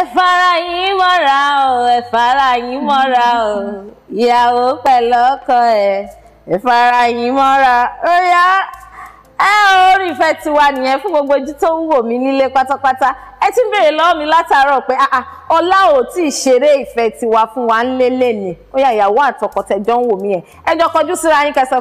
ẹ fara yín mọ́ra o ẹ fara yín mọ́ra o ìyàwó pẹ̀lú ọkọ ẹ ẹ fara yín mọ́ra ẹ orí tiwa nìyẹn fún gbogbo ojú tó ń wò mí nílé pátápátá ẹ ti ń lọ́wọ́ mi látàárọ̀ pé tiwa fún wa ń lé lẹ́nì ń wò mí ẹ jọ kọjú síra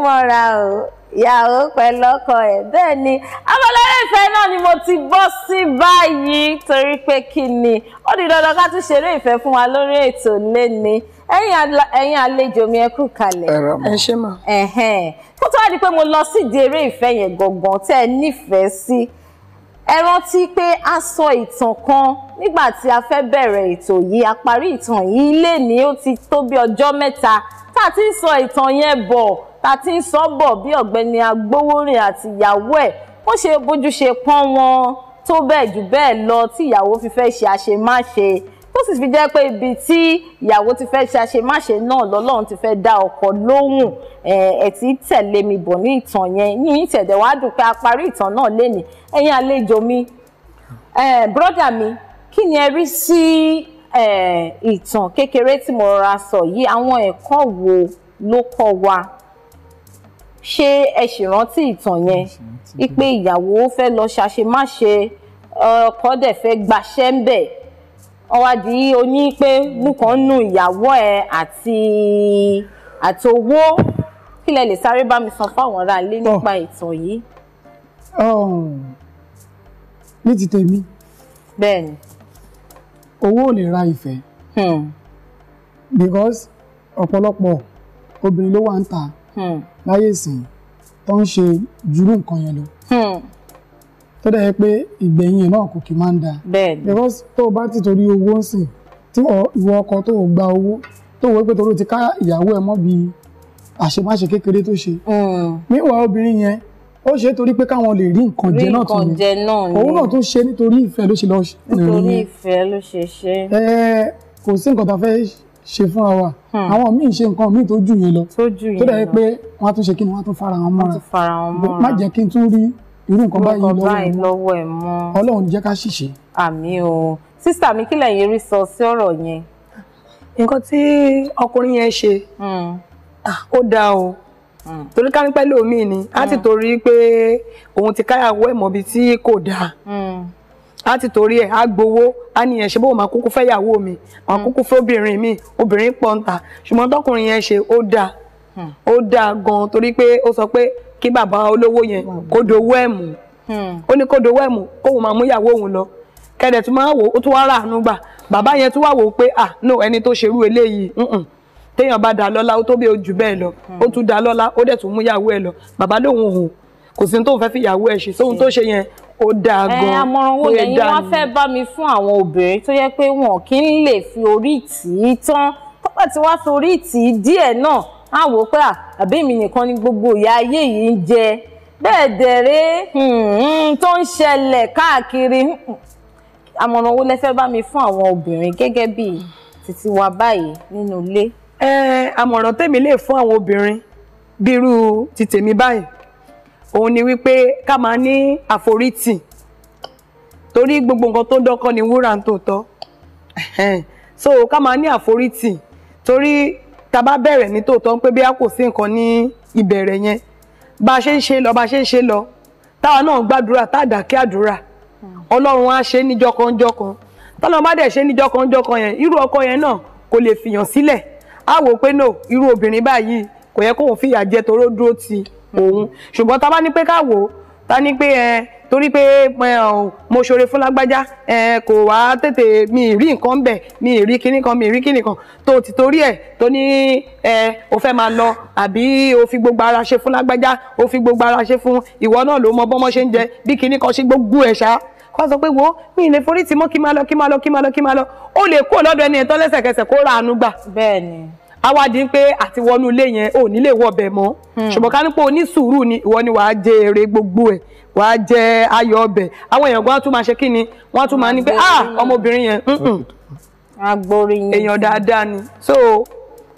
o o ìyàwó pẹ̀lú ọkọ ẹ̀ bẹ́ẹ̀ ni abọ́lẹ́rẹ́ ìfẹ́ náà ni mo ti bọ́ sí báyìí torí pé kí ni ó di dandan ká tún ṣeré ìfẹ́ fún wa lórí ètò lẹ́ni ẹ̀yin àlejò mi ẹ kú kalẹ̀ kó tó wá di pé mo lọ sídìí eré ìfẹ́ yẹn gangan tẹ́ ẹ nífẹ̀ẹ́ sí ẹ rántí pé a sọ ìtàn kan nígbà tí a fẹ́ bẹ̀rẹ̀ ètò yìí a parí ìtàn yìí lẹ́ni ó ti tó bí ọjọ́ mẹ́ta tá a ti sọ ìtàn yẹn bọ̀ ta ti ń sọ bọ̀ bí ọ̀gbẹ́ni agbowórin àti ìyàwó ẹ̀ ó ṣe bójúṣe pọ́n wọn tó bẹ́ẹ̀ jù bẹ́ẹ̀ lọ tí ìyàwó fi fẹ́ ṣe àṣemáṣe tó sì fi jẹ́ pé ibi tí ìyàwó ti fẹ́ ṣe àṣemáṣe náà lọ́lọ́run ti fẹ́ dá ọkọ lóhùn ẹ̀ tí tẹ̀lé mi bọ̀ ní ìtàn yẹn yín tẹ̀dẹ̀ wá dùn pé a parí ìtàn náà lénìí ẹ̀yin àlejò mi brọ́dà mi kí ni ẹ rí sí ìtàn kékeré tí mo rọra sọ yìí àwọn ẹ̀kọ́ wo ló kọ́ wa ṣé ẹ ṣì rántí ìtàn yẹn wípé ìyàwó fẹ́ lọ ṣàṣemáṣe ọkọ dẹ̀ fẹ́ gbaṣẹ́ ń bẹ̀ wọ́n wá di oní pé bùkàn nù ìyàwó ẹ̀ àti àti owó kí lẹ lè sáré bá mi sọ fáwọn ará ilé nípa ìtàn yìí. Oh, ní ti tèmi. bẹ́ẹ̀ni. owó ò lè ra ìfẹ́. Hmm. because ọ̀pọ̀lọpọ̀ obìnrin ló wà ń ta. Hmm. láyé ìsìn tó ń ṣe jùlọ nǹkan yẹn lọ hmm. tó dẹ̀ yẹ pé ìgbẹ̀yìn yẹn náà kò kì í máa ń da because tó o bá ti torí owó ń sìn tí ìwọ ọkọ tó o gba owó tó o wọ pé torí o ti ká ìyàwó ẹ mọ́ bíi àṣemáṣe kékeré tó ṣe hmm. níwà obìnrin yẹn ó ṣe é torí pé káwọn lè rí nǹkan jẹ náà tó ní òun náà tó ṣe nítorí ìfẹ́ ló ṣe lọ nítorí ìfẹ́ ló ṣe ṣe kò sí nǹkan tá a fẹ́ ṣe fúnra wa hmm. àwọn míì ṣe nǹkan míì tó jù yín lọ tó dẹ̀ pé wọ́n á tún ṣe kí ni wọ́n á tún fara wọn mọ́ra má jẹ́ kí n tún rí irú nǹkan báyìí lọ́wọ́ ẹ̀ mọ́ ọlọ́run jẹ́ ká ṣìṣe. àmín o sísà mi kí lẹ̀yin rí sọ sí ọ̀rọ̀ yẹn. nǹkan tí ọkùnrin yẹn ṣe hmm. ó dáa o hmm. torí ká ní pẹ́ lómi ni á ti torí pé òun ti káyàwó ẹ̀ mọ́bi tí kò dáa a ti torí ẹ̀ a gbowó á ní ẹ̀ ṣe bó máa kúkú fẹ́ yàwó mi máa hmm. kúkú fẹ́ obìnrin mi obìnrin pọ̀ ń ta ṣùgbọ́n tọkùnrin yẹn ṣe ó dáa hmm. ó dáa gan torí pé ó sọ pé kí bàbá olówó yẹn hmm. kó dowó ẹ̀ mú ó ní kó dowó ẹ̀ mú kóun máa mú yàwó òun lọ kẹ̀dẹ̀ tún máa wò ó tún wá rà ánú gbà bàbá yẹn tún wá wò ó pé ah no ẹni tó ṣerú eléyìí téèyàn bá dá lọ́lá ó tó bí ojú bẹ́ẹ̀ lọ ó tún dá lọ́lá ó dẹ̀ tún mú yàwó ẹ̀ lọ bàbá lóun òun kò sí ní tóun fẹ́ fi yàwó ẹ̀ ṣe sóhun tó ṣe yẹn ó dáa gan ẹ àmọ̀ràn wo lẹ́yìn wá fẹ́ bá mi fún àwọn obìnrin tó yẹ pé wọn kì í lè fi orí tì í tán kọ́pà tí wọ́n fi orí tì í díẹ̀ náà á wò ó pé àbí mi nìkan ni gbogbo ìyà ayé yìí ń jẹ bẹ́ẹ̀ dẹ̀rẹ́ hmm, tó ń ṣẹlẹ̀ káàkiri hmm, àmọ̀ràn wo lẹ bá mi fún àwọn obìnrin gẹ́gẹ́ bí títí wa báyìí nínú ilé. ẹ àmọ̀ràn tèmi lè fún àwọn obìnrin bírú ti tèmi báyìí òun ni wípé ká máa ní àforítì torí gbogbo nǹkan tó dọ́kọ́ ni wúrà ń tòótọ́ so ká máa ní àforítì torí tá bá bẹ̀rẹ̀ ní tòótọ́ pé bí a kò sí nǹkan ní ìbẹ̀rẹ̀ yẹn bá a ṣe ń ṣe lọ bá a ṣe ń ṣe lọ táwa náà gbàdúrà tá a dákẹ́ àdúrà ọlọ́run á ṣe níjọkanjọkan tọ́lọ́run bá dẹ̀ ṣe níjọkanjọkan yẹn irú ọkọ yẹn náà kò lè fìyàn sílẹ̀ á wò pé no irú obìnrin báyìí kò yẹ kóun fìyà jẹ toró dúró ti òun ṣùgbọ́n tá a bá ní pé ká wò ó ta ni pé ẹ torí pé mo ṣoore fún lágbájá ẹ kò wá tètè mi rí nǹkan bẹ mi rí kinní kan mi rí kinní kan tó ti torí ẹ tó ní ẹ o fẹ́ máa lọ àbí o fi gbogbo ara ṣe fún lágbájá o fi gbogbo ara ṣe fún ìwọ náà ló mọ bọ́mọ ṣe ń jẹ bí kinní kan ṣe gbogbo ẹ̀ ṣá kó sọ pé wo mi ì lè forí tì mọ́ kí máa lọ kí máa lọ kí máa lọ kí máa lọ o lè kó lọ́dọ̀ ẹni ẹ̀ tán lẹ́sẹ̀kẹsẹ̀ kó ra àánú gbà. bẹ́ẹ̀ni awádìí pé àti wọnú ilé yẹn ò ní lè wọbẹ̀ mọ́ hmm. ṣùgbọ́n ká ní pé onísùúrù ni ìwọ ni wàá jẹ èrè gbogbo ẹ̀ wàá jẹ ayọ̀ ọbẹ̀ àwọn èèyàn gan tún máa ṣe kí ni wọ́n tún máa ní pé ah ọmọbìnrin yẹn èèyàn ni so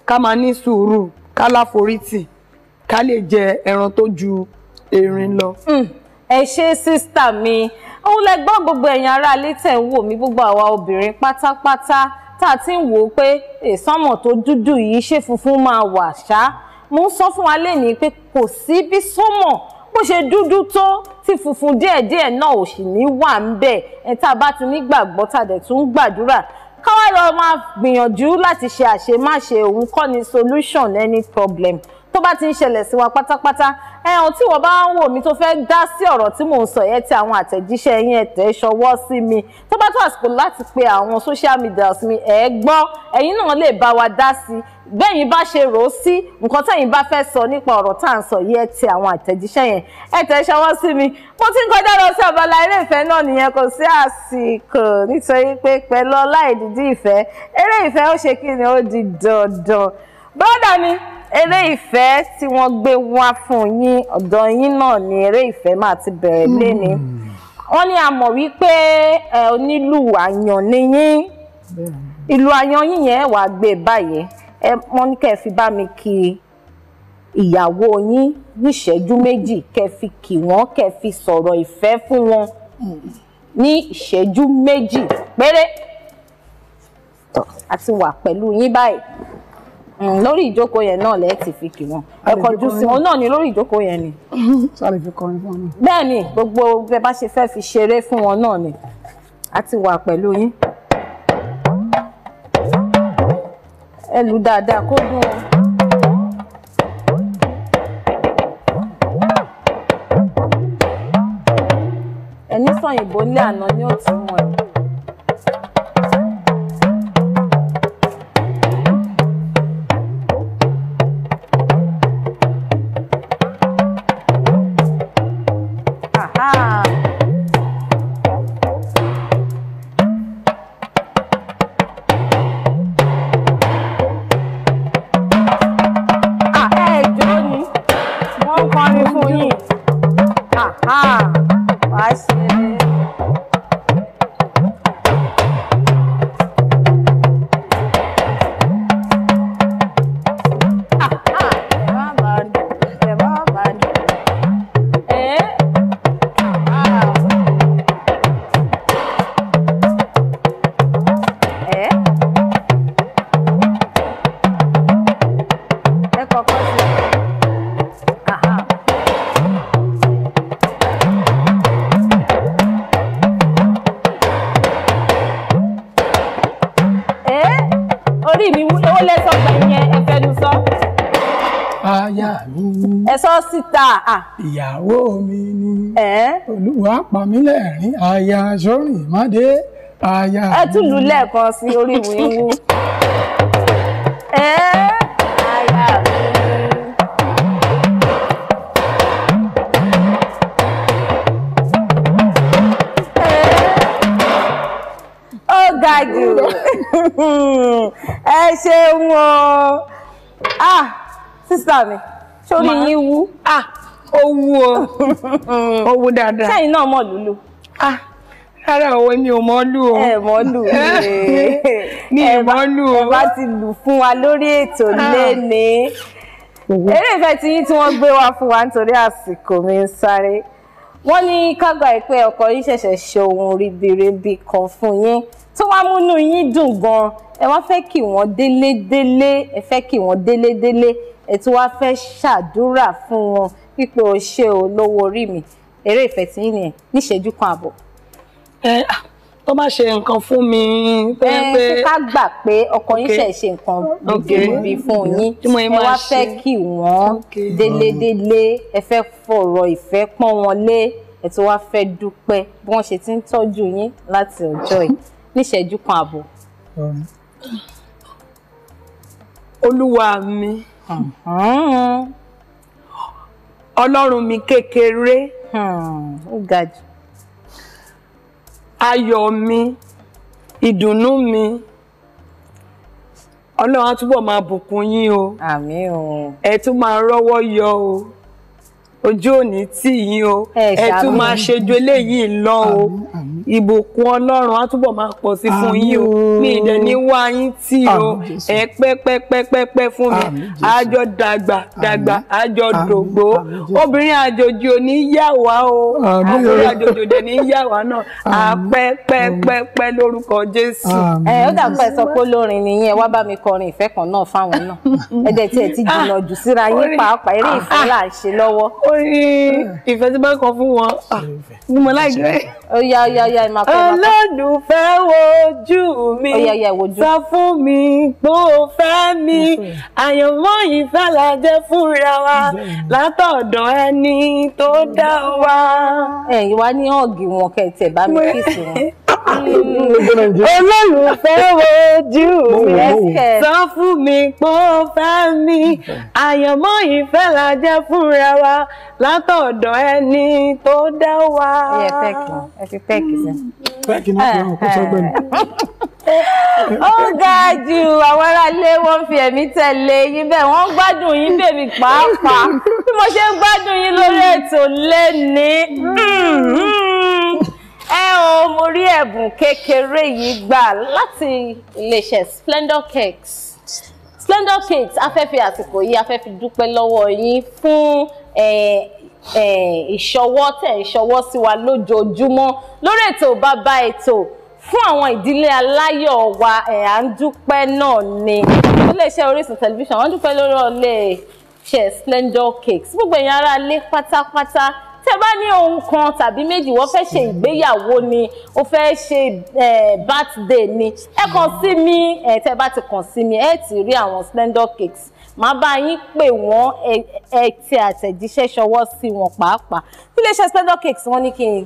ká máa Suru, sùúrù ká láforítì ká lè jẹ ẹran tó ju erin lọ. Hmm. ẹ ṣe sísítà mi òun lẹ gbọ́ gbogbo ẹ̀yin aráalé tẹ̀ ń wò mí gbogbo àwa obìnrin pátápátá tá a ti ń wò ó pé ìsánmọ̀ tó dúdú yìí ṣé funfun máa wà ṣá mo ń sọ fún wa lénìí pé kò sí bí sánmọ̀ bó ṣe dúdú tó tí funfun díẹ̀díẹ̀ náà ò sì ní wà ń bẹ̀ ẹ̀ tá a bá ti nígbàgbọ́ tá a dẹ̀ tún gbàdúrà káwá lọ máa gbìyànjú láti ṣe àṣemáṣe òun kọ́ ni solution any problem tó bá ti ń ṣẹlẹ̀ sí wa pátápátá ẹ̀hàn tí wọ́n bá ń wò mí tó fẹ́ dá sí ọ̀rọ̀ tí mò ń sọ yẹn tí àwọn àtẹ̀jíṣẹ́ yẹn tẹ̀ ṣọwọ́ sí mi tó bá tó àsìkò láti pe àwọn social media mi ẹ̀ gbọ́ ẹ̀yin náà lè bá wa dá sí bẹ́yìn bá ṣe rò ó sí nǹkan tẹ̀yin bá fẹ́ sọ nípa ọ̀rọ̀ tá à ń sọ yẹn ti àwọn àtẹ̀jíṣẹ́ yẹn ẹ̀ tẹ̀ ṣọwọ́ sí mi mo ti ń kọjá lọ sí abala eré ìfẹ́ náà nìyẹn kò sí àsìkò nítorí pé pẹ̀lú ọlá ìdídí ìfẹ́ eré ìfẹ́ ó ṣe kí ni ó di dandan bọ́dà mi eré ìfẹ́ tí wọ́n gbé wá fún yín ọ̀dọ̀ yín náà ni eré ìfẹ́ máa ti bẹ̀rẹ̀ léni hmm. wọ́n ní a mọ̀ wípé ẹ onílù àyàn ni yín ìlú àyàn yín yẹn wà gbé báyìí ẹ wọ́n ní kẹ́ ẹ fi bá mi kí ìyàwó yín níṣẹ́jú méjì kẹ́ fi kì wọ́n kẹ́ fi sọ̀rọ̀ ìfẹ́ fún wọn ní ìṣẹ́jú méjì péré a wà pẹ̀lú yín báyìí. Mm, lórí ìjókòó yẹn náà lẹ́ẹ̀ ti fi kì wọ́n ẹ̀kọ́ ju sí wọn náà ni lórí ìjókòó yẹn ni. sáré fi kọrin fún wọn. bẹ́ẹ̀ ni gbogbo bẹ́ẹ̀ bá ṣe fẹ́ẹ́ fi ṣeré fún wọn náà ni a ti wà pẹ̀lú yín. ẹ lù dáadáa kó dùn ó. ẹni sọ̀yìnbó ní àná ni ó ti mọ̀ ẹ́. I said. mi. ẹ sọ síta. ìyàwó mi ni olúwa pa mí lẹ́rìn aya sọ́rìn mádé aya. ẹ tún lù lẹ́ẹ̀kan sí orí mi wú. aya mi. ga jù ẹ ṣeun o ah sísá mi sórí yín wú. ah ó wú o ó wú dáadáa. sẹ́yìn náà mọ̀ lúlù. ah rárá òwe mi ò mọ̀ lù o. ẹ mọ̀ lù mi ò mọ̀ lù o. ẹ bá ti lù fún wa lórí ètò ah. léni. eré ìfẹ́ tí yín tí wọ́n gbé wá fún wa nítorí àsìkò mi ń sáré wọ́n ní kágbà ìpẹ́ ọkọ yìí ṣẹ̀ṣẹ̀ ṣe ohun ribiribi kan fún yín tó wá múnú yín dùn gan ẹ wá fẹ́ kí wọ́n délé délé ẹ fẹ́ kí wọ́n délé délé ẹ tún wá fẹ́ ṣàdúrà fún wọn pípé o ṣe o lówó orí mi eré ìfẹ́ tí yín nìyẹn níṣẹ́jú kan àbọ̀. ẹ tó bá ṣe nǹkan fún mi. ẹ ṣe ká gbà pé ọkọ yín ṣe ṣe nǹkan gbèdébi fún yín ẹ wá fẹ́ kí wọ́n délé délé ẹ fẹ́ fọ̀rọ̀ ìfẹ́ pọ́n wọn lé ẹ tún wá fẹ́ dúpẹ́ bí wọ́n ṣe ti ń tọ́jú yín láti ọjọ́ yìí níṣẹ́jú kan àbọ̀. Um. olúwa mi uh-huh. ọlọ́run mi kékeré hmm, ó ga jù ayọ̀ mi ìdùnnú mi ọlọ́run á túbọ̀ máa bùkún yín o ẹ tún máa rọ́wọ́ yọ o ojú òní tì yín o ẹ tún máa ṣe ju eléyìí lọ o ìbùkún ọlọ́run á túbọ̀ máa pọ̀ sí fún yín o mi ìdẹ̀ ní wá yín tì o ẹ pẹ́ pẹ́ pẹ́ pẹ́ pẹ́ fún mi àjọ dàgbà dàgbà àjọ dògbò obìnrin àjòjì ò ní yà wá o àbúrò àjòjì ò dẹ̀ ní yà wá náà àpẹ́ pẹ́ pẹ́ pẹ́ lórúkọ Jésù. ẹ ó dàpẹ́ sọ pé olórin nìyẹn wá bá mi kọrin ìfẹ́ kan náà fáwọn náà ẹ̀dẹ̀ tiẹ̀ ti jìnnà jù síra yín pàápàá eré ìfẹ́ là ń ṣe lọ́wọ́ orí ìfẹ́ tí bá kọ fún wọn ah, ní mo láì gbé. ọ̀yà ọ̀yà ọ̀yà ìmọ̀ àpò ìmọ̀ àpò. olólùfẹ́ wojú mi sọ fún mi pé o fẹ́ mi àyànmọ́ yìí fúnra wa látọ̀dọ̀ ẹni tó dá wa. ẹ̀yin wá ní ọ̀gì wọn kẹ̀ bá mi kìsì wọn olólùfẹ́ wojú mi sọ fún mi pé ó fẹ́ mi àyànmọ́ ìfẹ́ la jẹ́ fúnra wa látọ̀dọ̀ ẹni tó dá wa. ẹ pẹ́kì ẹ fi pẹ́kì sí. pẹ́kì ní kí wọn kó sọgbẹ́ ni. ó ga jù àwọn aráalé wọn fi ẹ̀mí tẹ̀lé yín bẹ́ẹ̀ wọ́n gbádùn yín bèbí pàápàá bí mo ṣe ń gbádùn yín lórí ètò lẹ́ni. Hmm, hmm ẹ o mo rí ẹ̀bùn kékeré yìí gbà láti iléeṣẹ́ Splendor Cakes Splendor Cakes a fẹ́ fi àsìkò yìí a fẹ́ fi dúpẹ́ lọ́wọ́ yín fún ìṣọwọ́ tẹ̀ ìṣọwọ́ sí wa lójoojúmọ́ lórí ètò bàbá ètò fún àwọn ìdílé aláyọ̀ wa ẹ̀ à ń dúpẹ́ náà ni iléeṣẹ́ Orísun tẹlifíṣàn wọ́n dúpẹ́ lórí ọ̀lẹ́ ṣe Splendor Cakes gbogbo èèyàn ará lé pátápátá tẹ́ bá ní ohun kan tàbí méjì wọ́n fẹ́ ṣe ìgbéyàwó ni ó fẹ́ ṣe birthday ni ẹ kàn sí mi tẹ́ bá ti kàn sí mi ẹ ti rí àwọn Splendor Cakes màá bá yín pè wọ́n ẹ ti àtẹ̀jíṣẹ́ ṣọwọ́ sí wọn pàápàá iléeṣẹ́ Splendor Cakes wọ́n ní kí n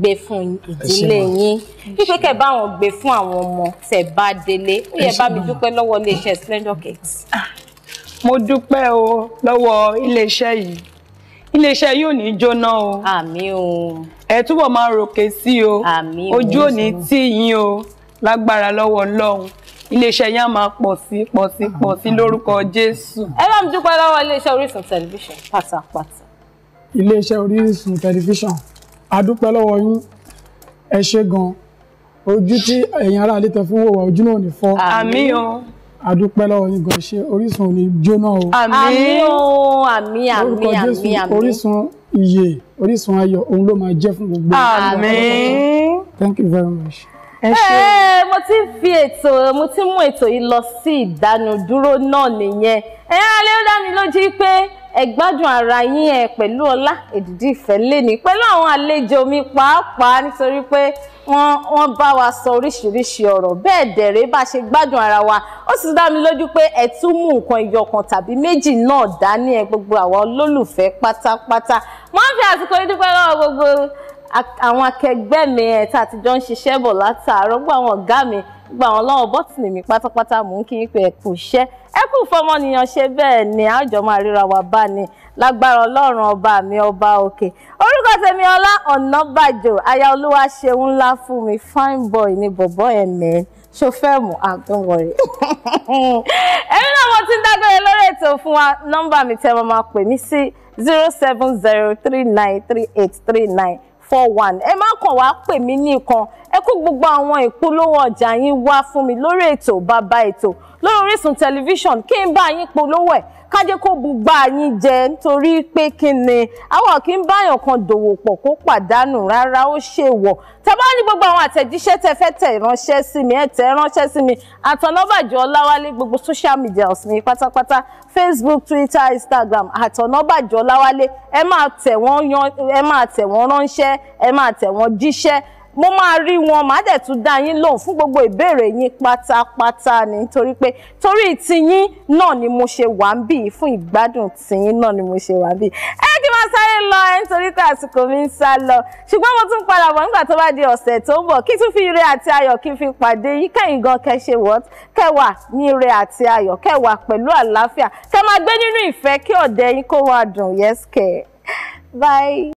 gbé fún ìdílé yín wípé kẹ bá wọn gbé fún àwọn ọmọ tẹ bá délé ó yẹ bá mi dúpẹ́ lọ́wọ́ iléeṣẹ́ Splendor Cakes. Ah, mo dúpẹ́ o lọ́wọ́ iléeṣẹ́ yìí iléeṣẹ́ yóò ní jóná o. àmín o. ẹ túbọ̀ máa roke sí o. àmín o. ojú ò ní yín o lágbára lọ́wọ́ ọlọ́run iléeṣẹ́ yẹn á máa pọ̀ sí pọ̀ sí pọ̀ sí lórúkọ jésù. ẹ bá mi dúpẹ́ lọ́wọ́ iléeṣẹ́ orísun tẹlifíṣàn pátápátá. iléeṣẹ́ orísun tẹlifíṣàn a dúpẹ́ lọ́wọ́ yín ẹ ṣé gan-an ojú tí ẹ̀yin aráalé tẹ fún wò wá ojú náà ní fọ́. àmín o adúpẹ́ lọ́wọ́ yín gan ṣe Orísun ò jóná o. àmín o àmín àmín àmín àmín Orísun ìyè Orísun ayọ̀ òun ló máa jẹ́ fún gbogbo. àmín. thank you very much ẹ mo ti fi ètò mo ti mú ètò yìí lọ sí ìdánudúró náà nìyẹn ẹ alẹ́ ó dá mi lójú pé ẹ gbádùn ara yín ẹ pẹ̀lú ọlá èdìdí ìfẹ́ lẹ́ni pẹ̀lú àwọn àlejò mi pàápàá nítorí pé wọ́n wọ́n bá wa sọ oríṣiríṣi ọ̀rọ̀ bẹ́ẹ̀ dẹ̀rẹ́ bá ṣe gbádùn ara wa ó sì dá mi lójú pé ẹ tún mú nǹkan ìyọkan tàbí méjì náà dání ẹ gbogbo àwa olólùfẹ́ pátápátá máa ń fi àsìkò yìí dúpẹ́ lọ́wọ́ gbogbo àwọn akẹgbẹ́ mi ẹ̀ tá a ti jọ ń ṣiṣẹ́ bọ̀ látàárọ̀ gbọ́ àwọn ọ̀gá mi gbọ́ àwọn ọlọ́wọ́ bọ́tìnì mi pátápátá mò ń kí yín pé ẹ kú iṣẹ́ ẹ kú fọmọnìyàn ṣe bẹ́ẹ̀ ni àjọ máa ríra wa bá ní lágbára ọlọ́run ọba mi ọba òkè orúkọ tèmi Ọlá Ọ̀nàbàjò aya olúwa ṣeun ńlá fún mi fine boy ni bọ̀bọ́ ẹ̀ mẹ́ẹ́ ṣo fẹ́ mọ̀ ah don't worry èmi náà mo ti ń dágbére lórí ètò fún wa nọ́mbà mi tẹ́ mo máa pè mí sí zero seven zero three nine three eight three nine four one ẹ má kàn wá pè mí nìkan ẹ kó gbogbo àwọn ìpolówó ọjà yín wá fún mi lórí ètò bàbá ètò lórí Orísun tẹlifíṣàn kí n bá yín polówó ẹ̀ kájé kó gbogbo àyín jẹ nítorí pé kí ni àwọn kì í báyàn kan dòwò pọ̀ kó pàdánù rárá ó ṣe wọ̀ tẹ bá ní gbogbo àwọn àtẹ̀jíṣẹ́ tẹ fẹ́ tẹ̀ ránṣẹ́ sí mi ẹ tẹ̀ ránṣẹ́ sí mi àtọ̀nàbàjọ́ ọláwálé gbogbo social media ọ̀sìn pátápátá facebook twitter instagram àtọ̀nàbàjọ́ ọláwálé ẹ máa tẹ̀ wọ́n ránṣẹ́ ẹ máa tẹ̀ wọ́n jíṣẹ́ mo máa rí wọn màá dẹ̀ tún dá yín lóhùn fún gbogbo ìbéèrè yín pátápátá ni torí pé torí tiyín náà ni mo ṣe wà ń bì fún ìgbádùn tiyín náà ni mo ṣe wà ń bì máa sáré lọ ẹ nítorí pé àsìkò mi ń sá lọ ṣùgbọ́n mo tún padà bọ̀ nígbà tó bá di ọ̀sẹ̀ tó ń bọ̀ kí tún fi ire àti ayọ̀ kí n fi pàdé yín kẹ́yìn gan kẹ́ ṣe wọ́t kẹwà ní ire àti ayọ̀ kẹwà pẹ̀lú àlàáfíà kẹ